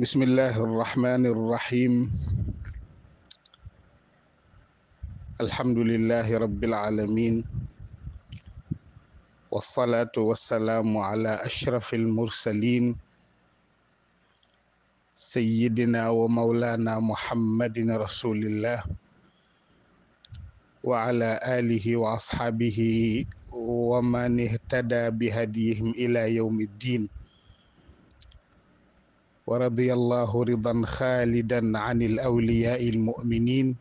بسم الله الرحمن الرحيم الحمد لله رب العالمين والصلاة والسلام على أشرف المرسلين سيدنا ومولانا محمد رسول الله وعلى آله وأصحابه ومن اهتدى بهديهم إلى يوم الدين ورضي الله رضا خالدا عن الاولياء المؤمنين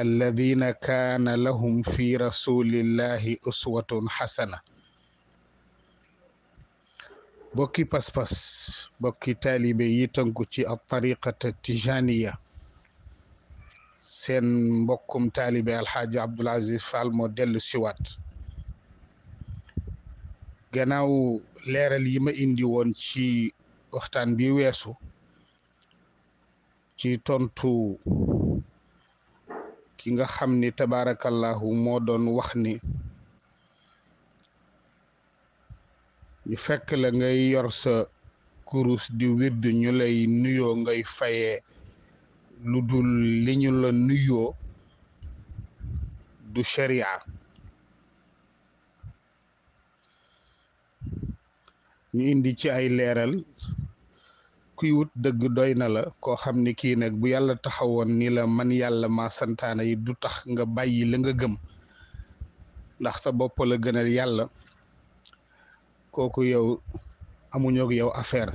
الذين كان لهم في رسول الله اسوه حسنه بوكي بس بس بوكي تالي بيتن الطريقه التجانيه سين بوكم تالي الحاج عبد العزيز فالموديل سوات gannaaw leeral yi ma indi woon ci waxtaan bi weesu ci tontu ki nga xam ni tabaarakallahu moo doon wax ni ñu fekk la ngay yor sa kurus di wird ñu lay nuyoo ngay fayee lu dul li ñu la nuyoo du sharia ñu indi ci ay leeral kuy wut dëgg doy na la koo xam ni kii nag bu yàlla taxawoon ni la man yàlla maa santaane yi du tax nga bàyyi la nga gëm ndax sa bopp la gënal yàlla kooku yow amuñu ak yow affaire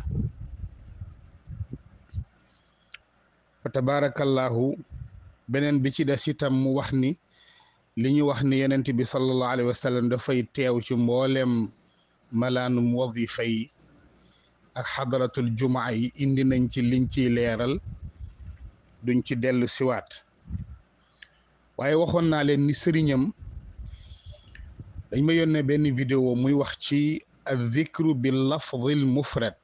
fa tabaarakallaahu beneen bi ci des itam mu wax ni li ñu wax ni yenent bi sallallahu alayhi wa dafay teew ci mbooleem malaanum wadifa yi ak xadaratul jumaa yi indi nañ ci liñ ci leeral duñ ci dellu siwaat waaye waxoon naa leen ni sëriñam dañ ma yónnee benn vidéo muy wax ci azzikru bi lafdil mufrad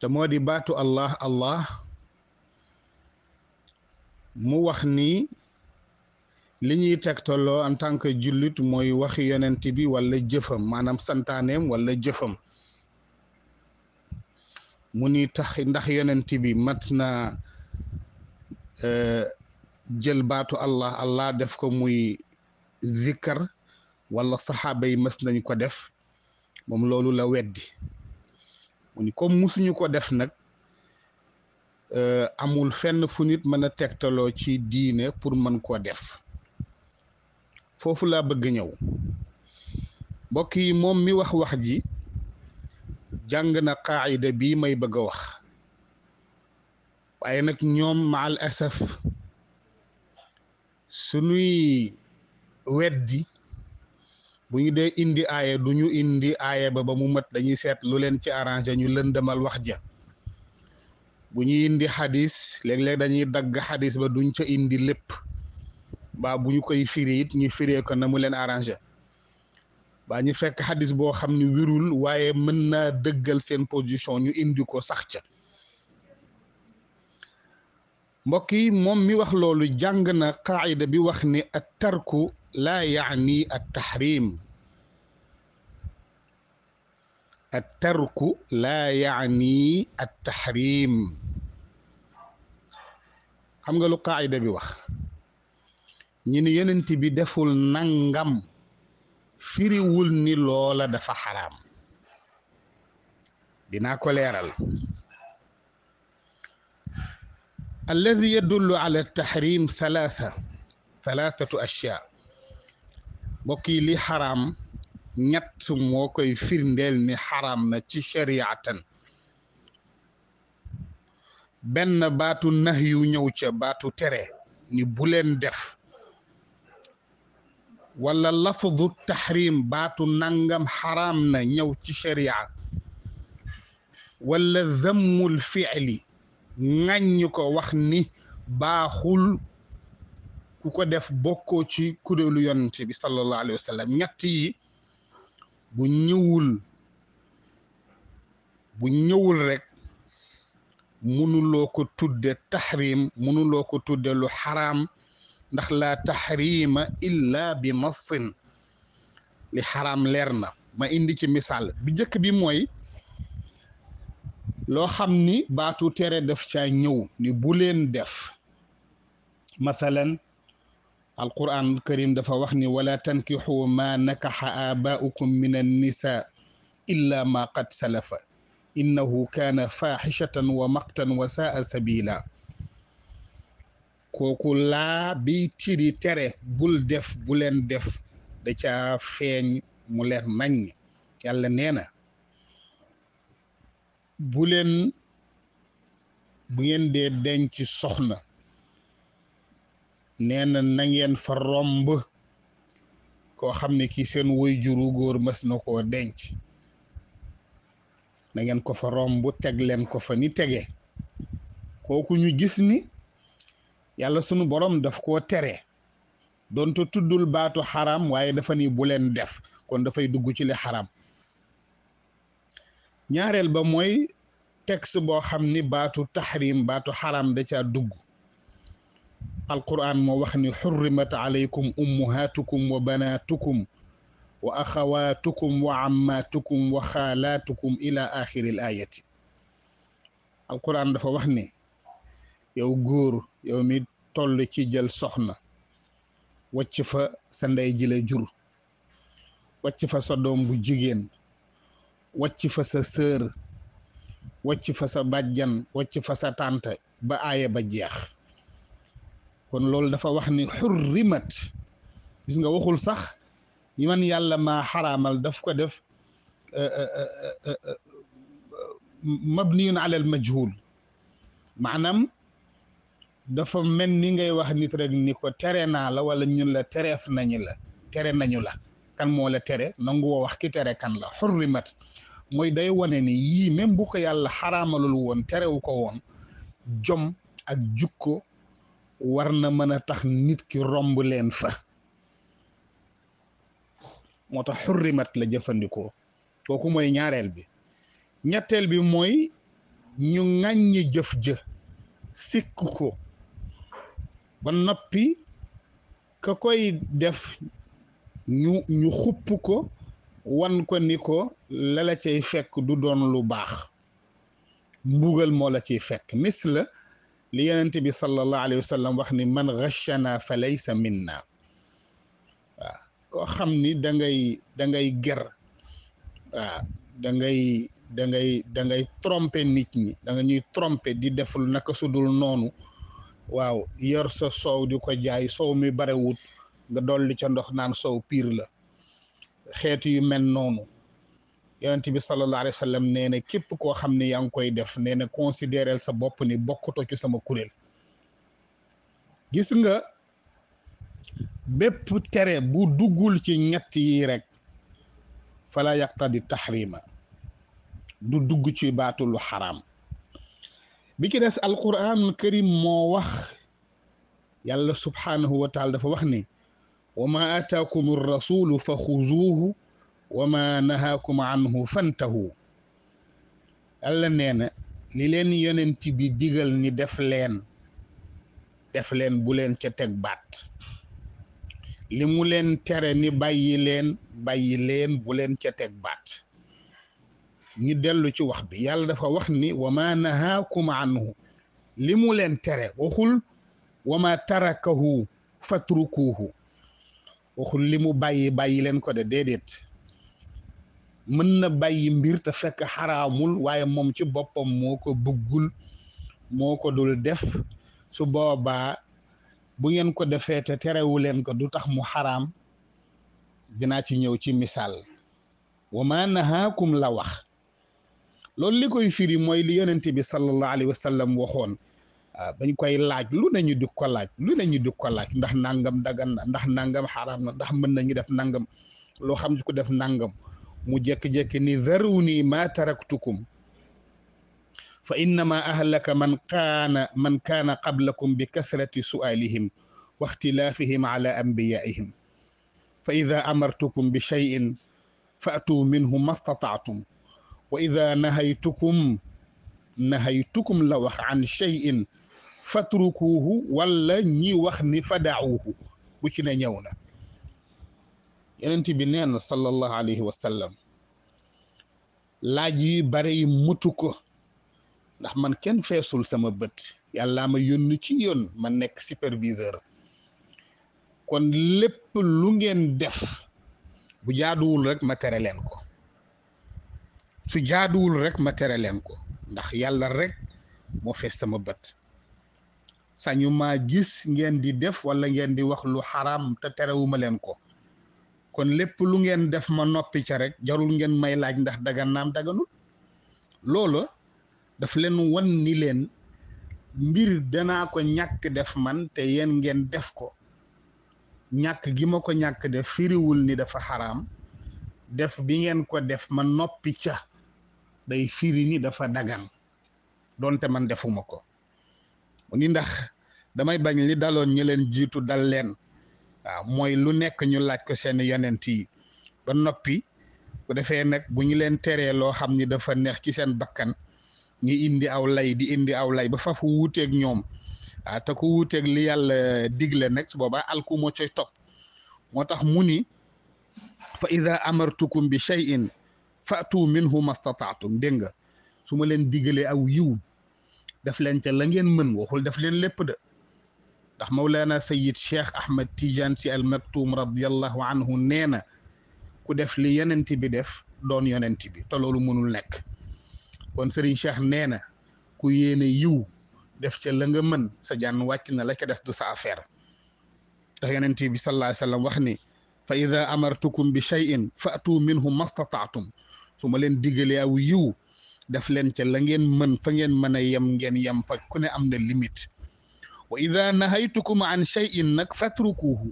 te moo di baatu allah allah mu wax ni li ñuy tegtaloo en tant que jullit mooy wax yonent bi wala jëfam maanaam santaaneem wala jëfam mu ni tax ndax yonent bi mat na e, jël baatu Allah Allah def ko muy zikkar wala saxaaba yi mës nañ ko def moom loolu la weddi mu ni comme musuñu ko def nag e, amul fenn fu nit mën a tegtaloo ci diine pour mën koo def fofu la bëgg ñëw mbokk yi moom mi wax wax ji jàng na qaida bi may bëgg wax waaye nag ñoom maal asaf sunuy weddi bu ñu dee indi aaya du indi aaya ba ba mu mat dañuy seet lu leen ci arrangé ñu wax ja bu ñuy indi xadis léeg-léeg dañuy dagg xadis ba duñ ca indi lépp ba bu koy firé it ñu firé ko na mu leen arrangé ba ñu fekk hadith bo xamni wirul waye mën dëggal seen position ñu indi ko sax ca mbokk yi mom mi wax lolu jàng na qaida bi wax ni at tarku la ya'ni at tahrim at لا يعني التحريم at قاعده بي واخ ñu ni yonent bi deful nangam firiwul ni loola dafa xaraam dinaa ko leeral alladi yadullu ala tahrim thalatha thalathatu ashya mbokk li xaraam ñett moo koy firndeel ni xaraam na ci shariatan benn baatu nax yu ñëw ca baatu tere ni bu def ولا لفظ التحريم باتو نانغام حرام نيو تي شريعة ولا ذم الفعل نانيوكو وخني باخول كوكو ديف بوكو تي كودولو يونتي بي صلى الله عليه وسلم نياتي بو نيوول بو نيوول ريك منو لوكو تود تحريم منو لوكو تود لو حرام ndax la tahrim illa bi nass li haram lerna ma indi ci misal bi jëk bi moy lo xamni ni tere def ci ay ñëw ni bu len def mathalan alquran alkarim dafa wax ni wala tankixu ma nakaxa abaaukum min annisa illa ma qad salafa innahu kana faaxishatan wa maqtan wa saa sabila kooku laa bi tiri tere bul def bu leen def da ca feeñ mu leer nañ yàlla nee na bu leen bu ngeen dee denc soxna nee nangeen na fa romb koo xam ne kii seen woy juru góor mës na koo denc na ko fa romb teg leen ko fa ni tege kooku ñu gis ni yàlla sunu borom daf ko tere doonte tuddul baatu xaram waaye dafa ni bu def kon dafay dugg ci li xaram ñaareel ba mooy texte boo xam ni baatu taxrim baatu xaram da ca dugg alquran moo wax ni xurrimat alaykum ummuhaatukum wa banaatukum wa axawaatukum wa ammaatukum wa xaalaatukum ila axiril ayati alquran dafa wax ni yow góor yow mi toll ci jël soxna wocc fa sa ndey ji jur wocc fa sa doom bu jigéen wocc fa sa sër wacc fa sa bàjjan wacc fa sa tante ba aaya ba jeex kon loolu dafa wax ni mat gis nga waxul sax yi man yàlla maa xaraamal daf ko def euh, euh, euh, mabniyun alal ma maanaam dafa mel ni ngay wax nit rek ni ko tere naa la wala ñun la tereef nañu la tere nañu la kan moo la tere nangu wax ki tere kan la xurrimat mooy day wane ni yii même bu ko yàlla xaraamalul woon terewu ko woon jom ak jukko war na mën a tax nit ki romb leen fa moo tax xurrimat la jëfandikoo kooku mooy ñaareel bi ñetteel bi mooy ñu ŋàññi jëf jë sikk ko ba nappi ka koy def ñu xupp ko wan ko ni ko lala la cay fekk du doon lu baax mbugal moo la ciy fekk mis la li yonent bi sallallahu alayhi wax ni man ghashana fa laysa minna waaw koo xam ni dangay ngay ger waaw da ngay da ngay tromper nit ñi danga ñuy tromper di deful lu naka sudul noonu waaw yor sa soow di ko jaay soow mi barewut nga dolli ca ndox naan soow piir la xeetu yu mel noonu yonent bi sallallahu alayhi wa sallam nee na képp koo xam ne yaa ngi koy def nee na considéreel sa bopp ni bokkutoo ci sama kuréel gis nga bépp tere bu duggul ci ñett yi rek fala yaqtadi tahrima du dugg ci baatu lu xaraam bi ci des alquranul karim moo wax yàlla subhaanahu wa taala dafa wax ne wa ma ataakum rasulu fa xuzuuhu wa ma nahaakum anhu fantahu yàlla nee na li leen yonent bi digal ni def leen def leen bu leen ca teg baat li mu leen tere ni bàyyi leen bàyyi leen bu leen ca teg baat ñu dellu ci wax bi yàlla dafa wax ni wa ma nahaakum anhu li mu leen tere waxul wa ma tarakahu fatrukuhu waxul li bàyyi bàyyi leen ko de déedéet mën na bàyyi mbir te fekk xaraamul waaye moom ci boppam moo ko bëggul moo ko dul def su boobaa bu ngeen ko defee te terewu leen ko du tax mu xaraam dinaa ci ñëw ci misaal wa ma nahaakum la wax loolu li koy firi moy li yonenti bi sallallahu alayhi wasallam sallam bañ koy laaj lu nañu di ko laaj lu nañu di ko laaj ndax nangam dagan na ndax nangam haram na ndax mën nañu def nangam lo xam ci ko def nangam mu jek jek ni zaruni ma taraktukum fa innama ahlaka man kana man kana qablakum bi kasrati su'alihim wa ikhtilafihim ala anbiyaihim fa ida amartukum bi cheyin fa'tuu minhu ma stataatum wa ida nahaytukum nahaytukum la wax an shay'in fatrukuhu wala ñi wax ni fadaawuhu bu ci ne ñëw na yenent bi nee na sallallahu alayhi wa sallam laaj yi bare yi mutu ko ndax man kenn feesul sama bët yàllaa ma yónni ci yoon ma nekk superviseur kon lépp lu ngeen def bu jaaduwul rek ma tere leen ko su jaadul rek ma téré len ko ndax yalla rek mo fess sama bët sañu ma gis ngeen di def wala ngeen di wax lu xaraam te ma len ko kon lepp lu ngeen def ma nopi ca rek jarul ngeen may laaj ndax dagan nam daganul Lolo, daf len won ni len mbir dana ko ñak def man te yen ngeen def ko ñak gi mako ñak def firiwul ni dafa haram. def bi ngeen ko def ma nopi ca day firi ni dafa dagan donte man defuma ko mu ni ndax damay bañ li daloon ñu leen jiitu dal leen waaw mooy lu nekk ñu laaj ko seen yonent yi ba noppi bu defee nag bu ñu leen teree loo xam ni dafa neex ci seen bakkan ñu indi aw lay di indi aw lay ba fafu fu ñoom waaw te ku wuuteeg li yàlla digle nag su boobaa alku moo coy topp moo tax mu ni fa ida amartukum bi shay'in fatu minhu mastataatum dégg nga su ma leen digalee aw yiw def leen ca la ngeen mën waxul def leen lépp de ndax Mawlana Sayyid Cheikh Ahmed Tidiane si al maktum radiyallahu anhu nee na ku def li yonent bi def doon yonent bi te loolu mënul nekk kon Serigne Cheikh nee na ku yéene yiw def ca la nga mën sa jaan wàcc na la ca des du sa affaire tax yonent bi sallallahu alayhi wa sallam wax ni fa ida amartukum bi cheyin fa'tu minhu mastataatum su ma leen diggalee aw yiw def leen ca la ngeen mën fa ngeen mën a yem ngeen yem fa ne am na limite wa ida nahaytukum an shay'in nag fatrukuhu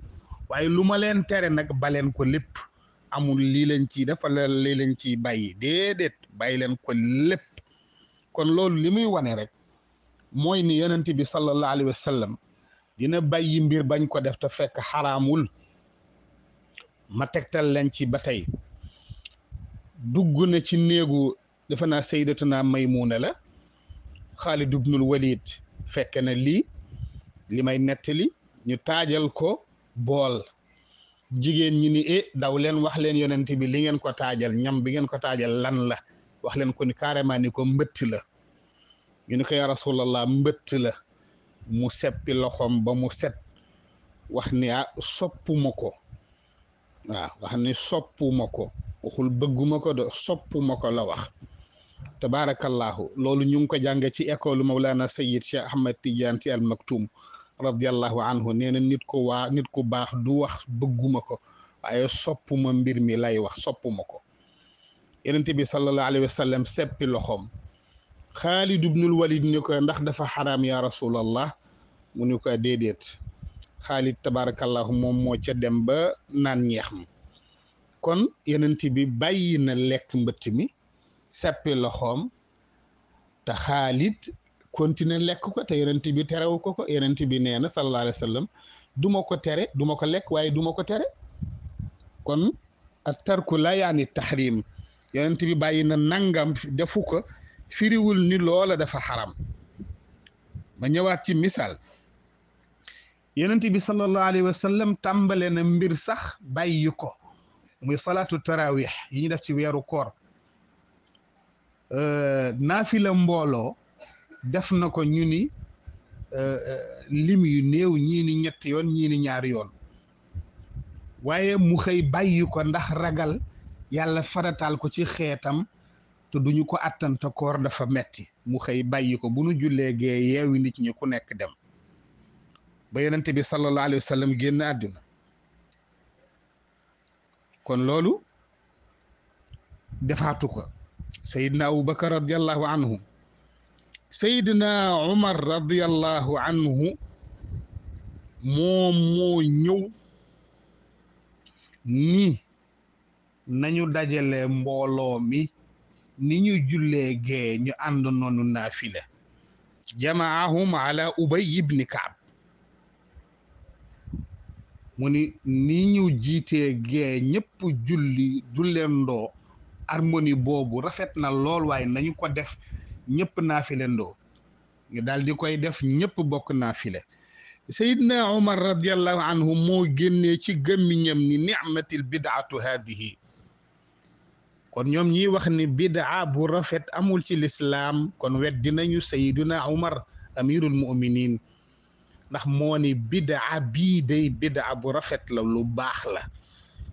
waaye lu ma leen tere nag baleen ko lépp amul lii leen ciy def wala lii leen ciy bàyyi déedéet bàyyi leen ko lépp kon loolu li muy wane rek mooy ni yonent bi sallallahu alayhi wa dina bàyyi mbir bañ ko def te fekk xaraamul ma tegtal leen ci ba tey dugg na ci néegu defe naa may Maymuna la Xaalid ibnul Walid fekk na lii li may nettali ñu taajal ko bool jigéen ñi ni e daw leen wax leen yonent bi li ngeen ko taajal ñam bi ngeen ko taajal lan la wax leen ko ni carrément ni ko mbëtt la ñu ni ko yaa rasulallah mbëtt la mu seppi loxoom ba mu set wax ni ah soppuma ko waaw wax ni soppuma ko waxul bëgguma ko de soppuma ko la wax tabaarakallaahu loolu ñu ngi ko jàng ci école Mawlana Sayyid Cheikh Ahmed Tidiane ci al Maktoum radiyallahu anhu nee na nit ku waa nit ku baax du wax bëgguma ko waaye soppuma mbir mi lay wax soppuma ko Yonent bi sallallahu alayhi wa sallam seppi loxoom Xaalid ibnul Walid ni ko ndax dafa xaraam yaa rasulallah mu ni ko déedéet Xaalid tabaarakallaahu moom moo ca dem ba naan ñeex ma kon yenente bi bàyyi na lekk mbëtt mi sappi loxoom te xaalit continuer lekk ko te yenente bi terewu ko ko yenente bi nee na sallallahu alayhi wa sallam du ma ko tere du ma ko lekk waaye du ma ko tere kon ak tarku la yaani tahrim yenente bi bàyyi na nangam defu ko firiwul ni loola dafa xaram ma ñëwaat ci misal yenente bi sallallahu alayhi wa sallam tàmbale na mbir sax bàyyi ko muy salaatu tarawih yi ñu def ci weeru koor euh, naafila mbooloo def na ko ñu ni euh, euh, lim yu néew ñii ñett yoon ñiini ñaar yoon waaye mu xëy bàyyi ko ndax ragal yàlla farataal ko ci xeetam te duñu ko àttan koor dafa metti mu xëy bàyyi ko bu nu jullee gee yeewi nit ñi ku nekk dem ba yonente bi sallallahu alayhi wa sallam génn kon loolu defaatu ko sayidna abubakar radiallahu anhu sayidna umar radiallahu anhu moom moo ñëw ni nañu dajale mbooloo mi ni ñu jullee gee ñu ànd noonu naafila jamaahum ala ubay ibni kaab mu ni ni ñu jiitee gee ñëpp julli julleen ndoo harmonie boobu rafet na lool waaye nañu ko def ñëpp naafile ndoo ñu daal koy def ñëpp bokk naafile sayidna omar radiallahu anhu moo génnee ci gëmmiñam ni nicmatil bidaatu haadihi kon ñoom ñiy wax ni bidaa bu rafet amul ci lislaam kon wet dinañu sayiduna omar amirul muminin ndax moo ni bidaa bii day bidaa bu rafet la lu baax la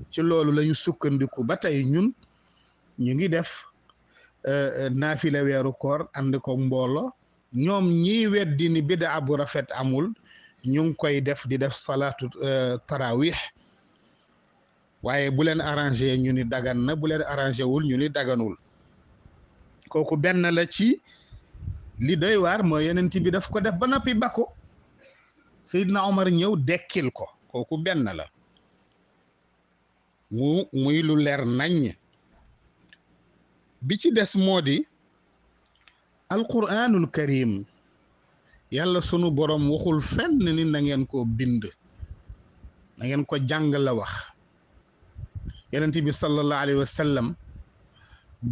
ci loolu lañu sukkandiku ba tey ñun ñu ngi def euh, euh, naafile weeru koor ànd ko mboolo ñoom ñiy weddi ni bidaa bu rafet amul ñu ngi koy def di def salaatu euh, tarawih waaye bu leen arrangé ñu ni dagan na bu leen arrangé wul ñu ni daganul kooku benn la ci li doy waar mooy yeneen bi daf ko def ba noppi bako Seydina Omar ñëw dekkil ko kooku benn la mu muy lu leer nañ bi ci des moo di alquranul karim yàlla sunu borom waxul fenn ni na ngeen ko bind na ngeen ko jàng la wax yonent bi sallallahu alayhi wa sallam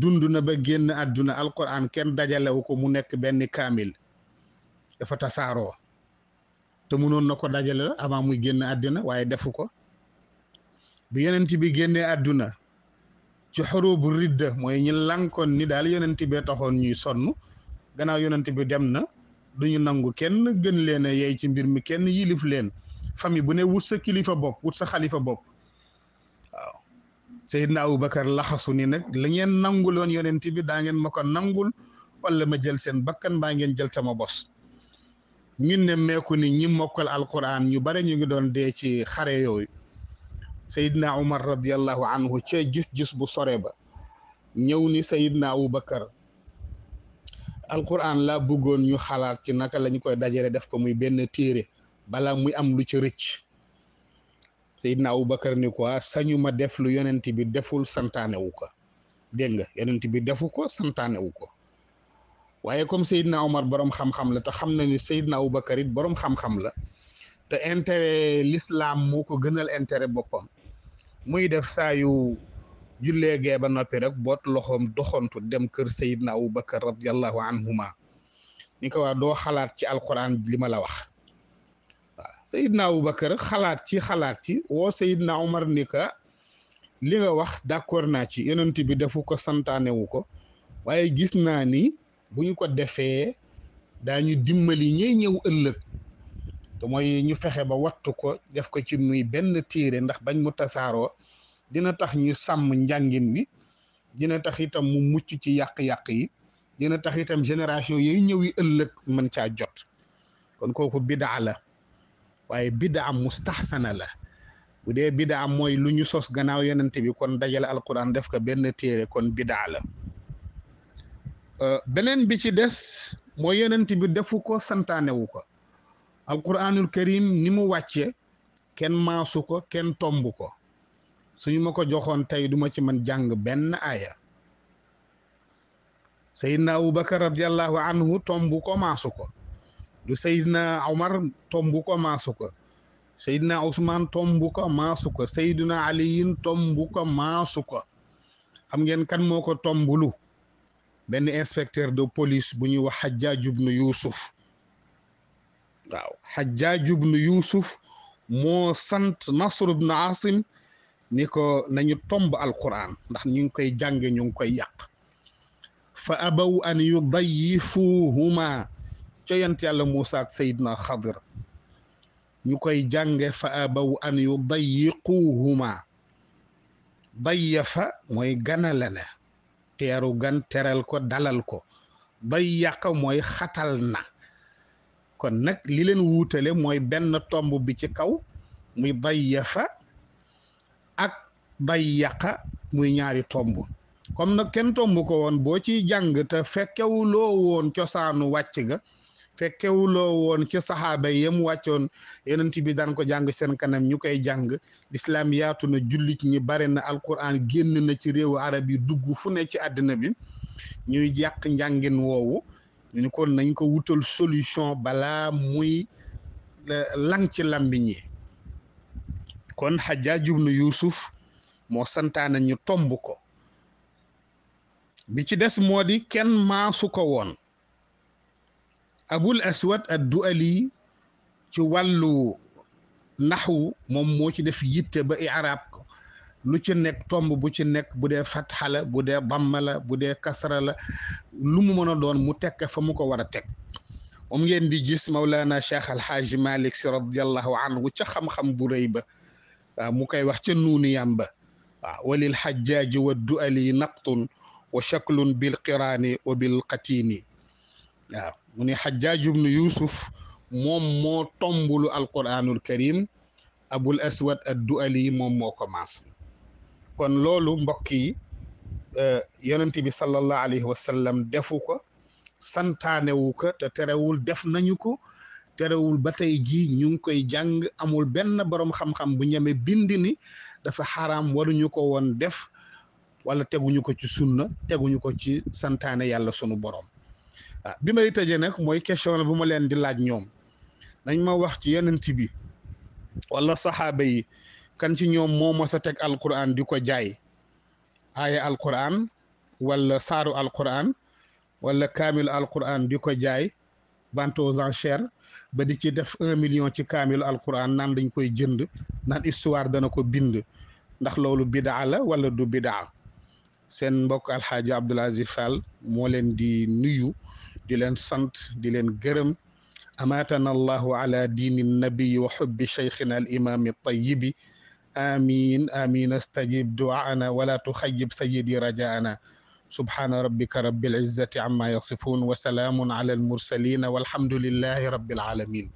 dund na ba génn àdduna alquran kenn dajalewu ko mu nekk benn kaamil dafa tasaaroo te mënoon na ko dajale la avant muy génn àddina waaye defu ko bi yonent bi génnee àdduna ci xorobu ridda mooy ñi lankoon ni daal yonent bee taxoon ñuy sonn ganaaw yonent bi dem na duñu nangu kenn gën leen a yey ci mbir mi kenn yilif leen famille bu ne wut sa kilifa bopp wut sa xalifa bopp waaw Seydina Aboubacar laxasu ni nag la ngeen nanguloon yonent bi daa ngeen ma ko nangul wala ma jël seen bakkan baa ngeen jël sama bos ñu nemmeeku ni ñi mokkal alquran ñu bare ñu ngi doon dee ci xare yooyu sayidna umar radiallahu anhu ca gis-gis bu sore ba ñëw ni sayidna abubakar alquran la bëggoon ñu xalaat ci naka lañ koy dajale def ko muy benn téere balaa muy am lu ci rëcc sayidna abubakar ni ko ah, sañu ma def lu yonent bi deful santaanewu ko dégg nga yonent bi defu ko santaanewu ko waye comme sayyidna Omar borom xam-xam la te xam na ni sayyidna Aboubacar it borom xam-xam la te intérêt l'islam moko gënal intérêt bopam muy def sa yu jullee gé ba nopi rek bot loxom doxantu dem kër Seydina Aboubacar radiyallahu anhuma ni ko wa do xalaat ci alquran lima la wax waaw Seydina Aboubacar xalaat ci xalaat ci woo Seydina Omar ni ka li nga wax d'accord naa ci yonent bi defu ko santaanewu ko gis naa ni bu ñu ko defee daañu dimbali ñay ñëw ëllëg te mooy ñu fexe ba wattu ko def ko ci muy benn téere ndax bañ mu tasaaroo dina tax ñu sàmm njàngin wi dina tax itam mu mucc ci yàq-yàq yi dina tax itam génération yooyu ñëwi ëllëg mën caa jot kon kooku bidaa la waaye bidaa mustaxsana la bu dee bidaa mooy lu ñu sos gannaaw yonent bi kon dajale alquran def ko benn téere kon bidaa la Euh, benen bi ci dess mo yenent bi defu ko wu ko alquranul karim ni mu wacce ken maasu ko ken tombu ko suñu mako joxon tay duma ci man jang ben aya sayyidna abubakar radiyallahu anhu tombuko ko maasu ko du sayyidna omar tombu ko maasu ko sayyidna usman tombu ko ko sayyidna aliyin tombu ko maasu ko xam ngeen kan moko tombulu benn inspecteur de police bu ñuy wax Hajjaaj ibnu Yuusuf waaw Hajjaaj moo sant Nasr ibnu Asim ni ko nañu tomb alquran ndax ñu ngi koy jànge ñu ngi koy yàq fa abaw an yudayifuhuma coyant yàlla Moussa ak Seydina Xadir ñu koy jànge fa abaw an yudayiquhuma dayafa mooy ganale na teeru gan teral ko dalal ko bay yàq mooy xatal na kon nag li leen wuutale mooy benn tomb bi ci kaw muy dayyafa ak dayyaqa muy ñaari tomb kom na kenn tomb ko woon boo ciy jàng te fekkewuloo woon cosaanu wàcc ga fekkewuloo woon ci saxaaba yam wàccoon yonent bi daan ko jàng seen kanam ñu koy jàng lislaam yaatu na jullit ñi bare na alquran génn na ci réew arab yi dugg fu ne ci àddina bi ñuy jàq njàngin woowu ñu kon nañ ko wutal solution bala muy lang ci làmbiñ yi kon Hajjaaj ibnu Yuusuf moo santaane ñu tomb ko bi ci des moo di kenn maasu ko woon abul aswad ad-du'ali ci wàllu naxwu moom moo ci def yitte ba i'raab lu ci nekk tomb bu ci nekk bu dee fatxa la bu dee damma la bu dee kasra la lu mu mën a doon mu tekk fa mu ko war a teg moom ngeen di gis Mawlana Cheikh Alxaaji Malik si radiallahu anhu ca xam-xam bu rëy ba waaw mu koy wax ca nuuni yam ba waaw walil xajjaaji wa du'ali naqtun wa shaklun bil qiraani wa bil qatiini waaw mu ne xajjaaj ibnu yuusuf moom moo tombulu alquranul karim abul aswad addu ali moom moo commencé kon loolu mbokk yi yonent bi sallallahu alayhi wa sallam defu ko santaanewu ko te terewul def nañu ko terewul ba tey jii ñu ngi koy jàng amul benn borom xam-xam bu ñeme bind ni dafa xaraam waruñu ko woon def wala teguñu ko ci sunna teguñu ko ci santaane yàlla sunu borom ah bi may tëjee nag mooy question la bu ma leen di laaj ñoom nañ ma wax ci yonent bi wala saxaaba yi kan ci ñoom moo mos a teg alquran di ko jaay aaya alquran wala saaru alquran wala kaamilu alquran di ko jaay vente aux enchères ba di ci def un million ci kaamilu alquran nan dañ koy jënd naan histoire dana ko bind ndax loolu bidaa la wala du bidaa seen mbokk alxaaji Abdoul Aziz Fall moo leen di nuyu دلنا سنت دلنا قرم أماتنا الله على دين النبي وحب شيخنا الإمام الطيب آمين آمين استجب دعانا ولا تخيب سيدي رجاءنا سبحان ربك رب العزة عما يصفون وسلام على المرسلين والحمد لله رب العالمين